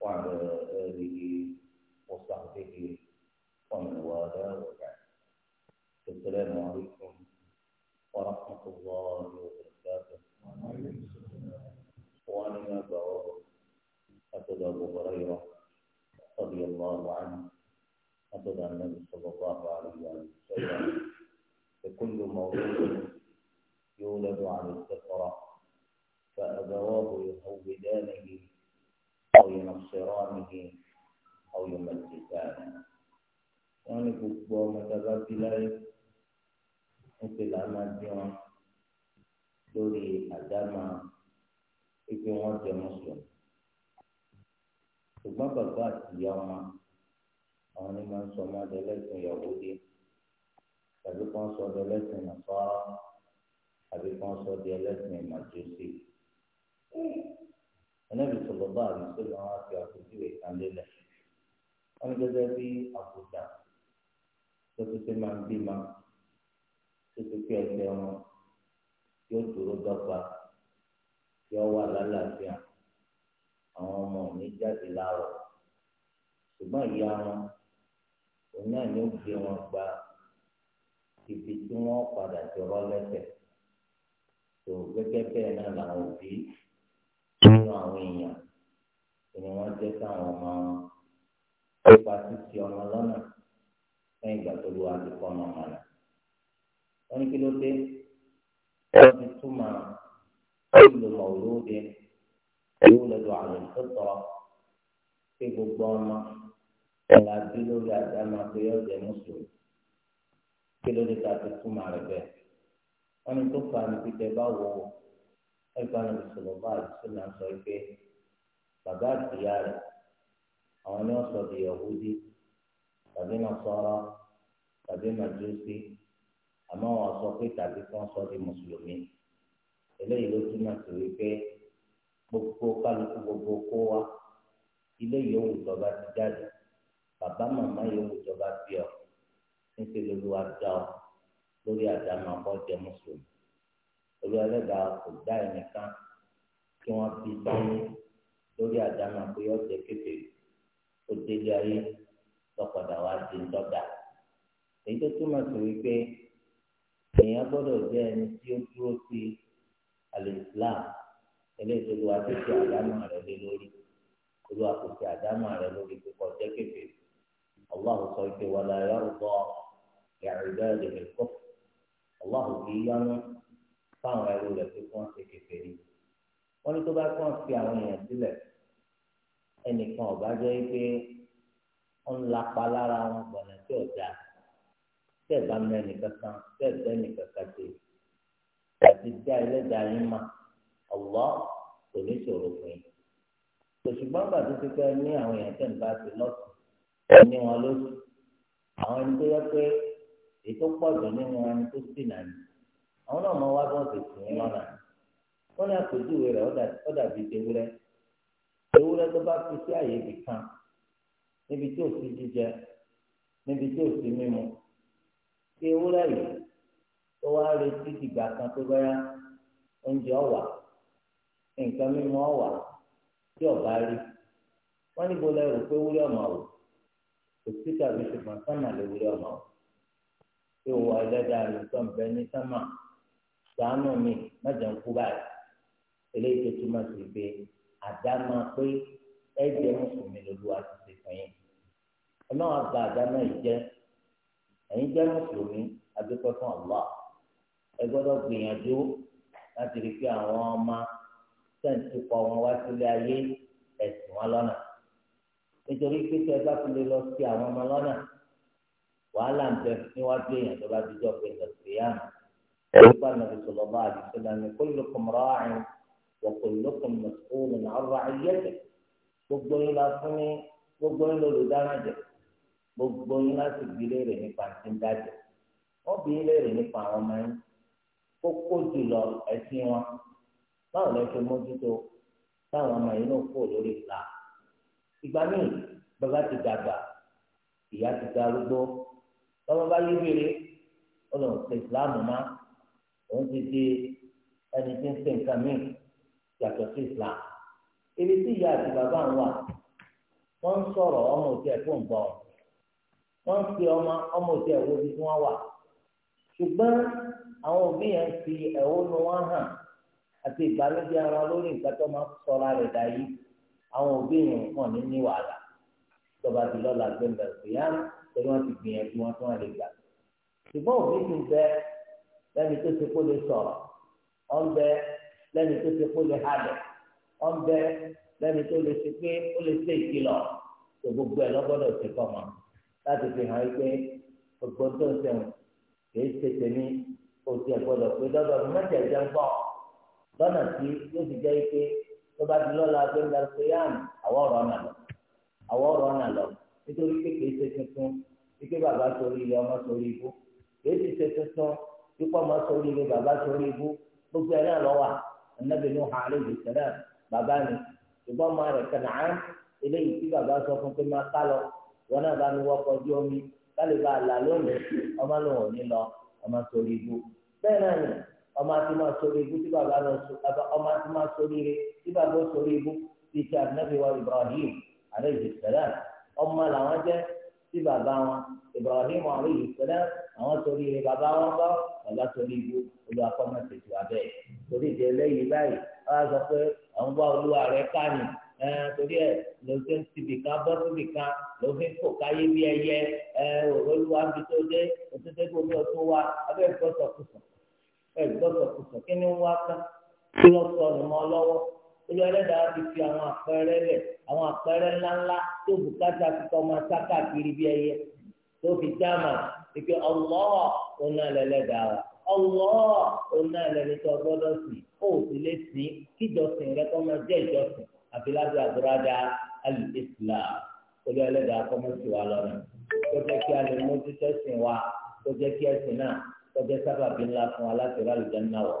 وعلى آله وصحبه ومن والاه وبعد السلام عليكم ورحمة الله وبركاته وأنا بعوض أتدى أبو هريرة رضي الله عنه أتدى النبي صلى الله عليه وسلم أو يوم القيامة wọ́n ní gbogbo ọmọ dábàá bí láyé ń pè lánà bí wọn lórí àdámà pípé wọn jẹ mùsùlùm ṣùgbọ́n bàbá àtìyá ọmọ àwọn ni máa ń sọ ọmọ adẹlẹ́sìn Yahudi tàbí kàn sọ adẹlẹ́sìn Nasara tàbí kàn sọ adẹlẹ́sìn Májúsì النبي صلى الله عليه وسلم في أخوتي كان لله أنا جزا في أخوتا تسمع بما تسمع بما yóò dúró dọ́gba yóò wà lálàáfíà àwọn ọmọ òní jáde láàrọ̀ ṣùgbọ́n ìyá wọn òun náà ni ó gbé wọn gba ibi tí wọ́n padà ti rọ́ lẹ́sẹ̀ tó gẹ́gẹ́ bẹ́ẹ̀ náà làwọn òbí àwọn èèyàn ni wọ́n jẹ́ sáwọn ọmọ wọn nípa títí ọmọ lọ́nà lẹ́yìn ìgbà tó lu àdìpọ̀ ọmọ ọmọ rẹ̀. wọ́n ní kí ló dé wọ́n ti túmọ̀ olùmọ̀ olóde yóò lọ́dọ̀ àrùn tó tọrọ pé gbogbo ọmọ ọ̀la bí lórí àdámà pé yóò jẹ mùsùlùmí kí ló dé ká ti túmọ̀ rẹ̀ bẹ́ẹ̀. wọ́n ní tó fa ní pípẹ́ bá wọ̀ wọ̀ ẹgbẹ́ náà sọ̀rọ̀ báyìí sọ̀rọ̀ sọ pé bàbá àtìyá rẹ̀ àwọn ni wọ́n sọ di Yahudi tàbí Nasara tàbí Màjúsí àmọ́ wọ́n sọ pé tàbí kí wọ́n sọ di mùsùlùmí eléyìí ló túmọ̀ sí wípé gbogbo kálukú gbogbo kó wa ilé yòówù tọba ti jáde bàbá màmá yòówù tọba bí ọ níṣẹ́ lóluwà dá ọ lórí àdámọ̀ ọkọ̀ jẹ́ mùsùlùmí. olú ẹlẹ́dàá kò dá ẹnìkan kí wọ́n bí sáyé lórí àdámà pé ọ̀jẹ̀ kéfè ó délé ayé lọ́padà wá di ńdọ́dà èyí tó túmọ̀ sí wípé èèyàn gbọ́dọ̀ jẹ́ ẹni tí ó dúró sí alìsílám eléyìí tó lu àtúnṣe àdámà lé lórí olú àdámà lórí kíkọ́ ọ̀jẹ̀ sọ pé wàlá bọ́ kọ́ fáwọn ẹrú rẹ̀ pé kí wọ́n ṣe kékeré wọ́n ní tó bá kàn fi àwọn èèyàn sílẹ̀ ẹnìkan ọ̀bá jẹ́ pé wọ́n ń lapa lára wọn gbọ̀nà tí ò dáa tẹ́ ẹ̀ bá mẹ́rin kankan tẹ́ ẹ̀ bẹ́ẹ̀ nìkankan ṣe àti dá ẹlẹ́dàá yín mà ọ̀wọ́ kò ní ṣòro fún yín òṣùgbọ́n gbà tó ti pẹ́ ní àwọn èèyàn tẹ̀ ń bá ti lọ́sùn ní wọn lóṣù àwọn ẹni tó yẹ pé èyí tó pọ̀ jù ẹni tó sì nàní ọmọ wa gbọ́n ti sìn ín lọ́nà wọn ní àpèjúwe rẹ̀ ó dàbí ewúrẹ́ ewúrẹ́ tó bá fi sí àyè ibì kan níbi tí ò sí jíjẹ níbi tí ò sí mímu yìí tó wá o kò sí tàbí ṣùgbọ́n sánmà lè o tí òwò ẹlẹ́dàá ló sànù mi mẹjọ ń kú báyìí eléyìí tó túmọ̀ sí pé àdámà pé ẹ̀jẹ̀ mùsùlùmí lolúwa ti fún yín ọlọ́run àgbà àdámà yìí jẹ́ ẹ̀yin jẹ́ mùsùlùmí adúpẹ́ fún ẹ gbọ́dọ̀ gbìyànjú láti rí pé àwọn ọmọ sẹ́ǹtì pọ̀ wọn wá sílé ayé ẹ̀sìn wọn lọ́nà nítorí pé bá fi lè lọ ẹ̀rọ̀gbà nàbì sọ̀rọ̀ bá àdìsọ́lá ní kullukum ra'in wa kullukum mas'ulun 'an ra'iyyatihi gbogbo yín la fún ní gbogbo yín lọ́lùdánájẹ gbogbo yín la sì gbélé rẹ̀ nípa ti ń dájẹ wọ́n bí ilé rẹ̀ nípa àwọn ọmọ yín kókó jùlọ ẹ̀sìn wọn báwo lẹ́ fi mójútó táwọn ọmọ yín náà kó lórí ìlà ìgbà míì bàbá ti dàgbà ìyá ti darúgbó bàbá bá yí wéré ó lọ sí ìsìláàmù máa òun ti di ẹni tí ń ṣe nǹkan míì yàtọ̀ sí islam ibi tí ìyá àti bàbá ń wà wọ́n ń sọ̀rọ̀ ọmọ òtí ẹ̀ fún nǹkan wọ́n ń fi ọmọ ọmọ òtí ẹ̀ wo ibi tí wọ́n wà ṣùgbọ́n àwọn òbí yẹn fi ẹ̀hónú wọn hàn àti ìbànújẹ́ ara lórí nǹkan tó máa sọra rẹ̀ dà yìí àwọn òbí yẹn kàn ní ní wàhálà ìjọba ti lọ́la gbẹ̀mbẹ̀ ìyá torí wọ́n ti gbìyànjú wọn tí wọ́n lè gbà ṣùgbọ́n òbí ti bẹ́ẹ̀ lẹ́ni tó ti kó lè sọ̀rọ̀ ọ̀nbẹ lẹ́ni tó ti kó lè halẹ̀ ọ̀nbẹ lẹ́ni tó lè ṣe pé ó lè ṣe ìkìlọ̀ tó gbogbo ẹ̀ lọ́gbọ́dọ̀ ti kọ́ mọ́ láti fi hàn pé gbogbo tó ń sẹ́wọ̀n kìí ṣe tèmi kò tiẹ̀ gbọ́dọ̀ pé dọ́dọ̀ mi mẹ́tẹ̀ jẹ́ ń bọ̀ lọ́nà tí yóò ti jẹ́ pé tó bá di lọ́la pé ńlá pé yáàmù àwọ̀ ọ̀rọ̀ ọ̀nà lọ àwọ̀ ọ̀rọ̀ ọ̀nà lọ nítorí pé kìí ṣe tuntun wípé bàbá sórí ilé ọmọ sórí ibú kìí ti ṣe tuntun kíkọ́ ọmọ bàbá sórí ibu gbogbo ẹ̀ náà lọ wà anabi ní ọ̀hà àlẹ́ sẹ́lẹ̀ bàbá ni ṣùgbọ́n ọmọ rẹ̀ kànáà eléyìí tí bàbá sọ fún pé máa ká lọ omi kálí bá a là lónìí ọmọ lòun ò ní ọmọ sórí ibú bẹ́ẹ̀ náà ni ọmọ sori ibu tí baba náà sọ ọmọ sori ire tí sori ibu, ti anabi Ibrahim sẹ́lẹ̀ ọmọ làwọn jẹ́ sí bàbá wọn Ibrahim alayhi salam àwọn torí rẹ bàbá wọn bọ bàbá torí ibu olùwà kọ́mọ tètè wà bẹ́ẹ̀ torí ìdè lẹ́yìn báyìí wọ́n á sọ pé àwọn bá olúwa rẹ káàní torí ẹ ló ṣe ń tibì kan bọ́ síbì kan ló fi ń fò káyé bí ẹyẹ olúwa ń bi tó dé òtútù gbogbo ọtún wa abẹ́ ìgbọ́sọ̀kùsọ̀ ẹ̀ ìgbọ́sọ̀kùsọ̀ kí ni wọ́n á kán kí lọ́ sọ ọ̀nà mọ́ lọ́wọ́ olú ẹlẹ́dàá ti fi àwọn àpẹẹrẹ lẹ̀ àwọn àpẹẹrẹ ńláńlá tó bùkátà ti tọ́ ọmọ sáká kiri bí ẹyẹ tó fi dáàmà ìpè Allah ọ̀nà ẹlẹ́dàá wa Allah ọ̀nà ẹlẹ́dàá gbọ́dọ̀ sìn ó sì lè sìn kíjọsìn rẹ kọ́ máa jẹ́ ìjọsìn àfi lábẹ́ àbúradà al-Islam olú ẹlẹ́dàá kọ́ máa ti wà lọ́nà tó jẹ́ kí a lè mójútó sìn wa tó jẹ́ kí ẹ̀sìn náà tó jẹ́ sábàbí ńlá fún wa láti rà lùjẹ́ ńlá wọ̀